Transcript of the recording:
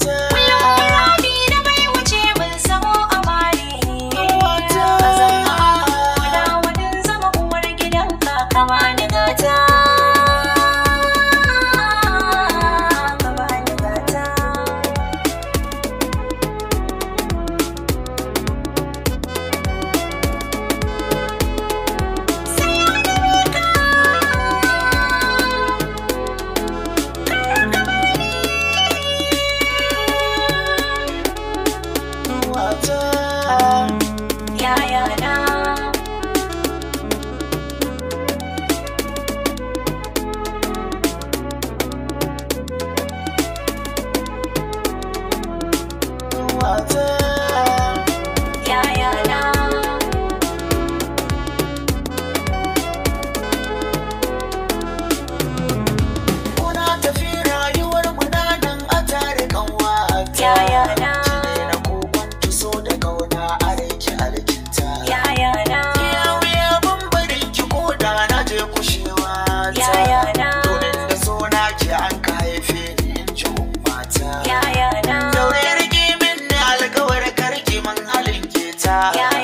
time. Yeah.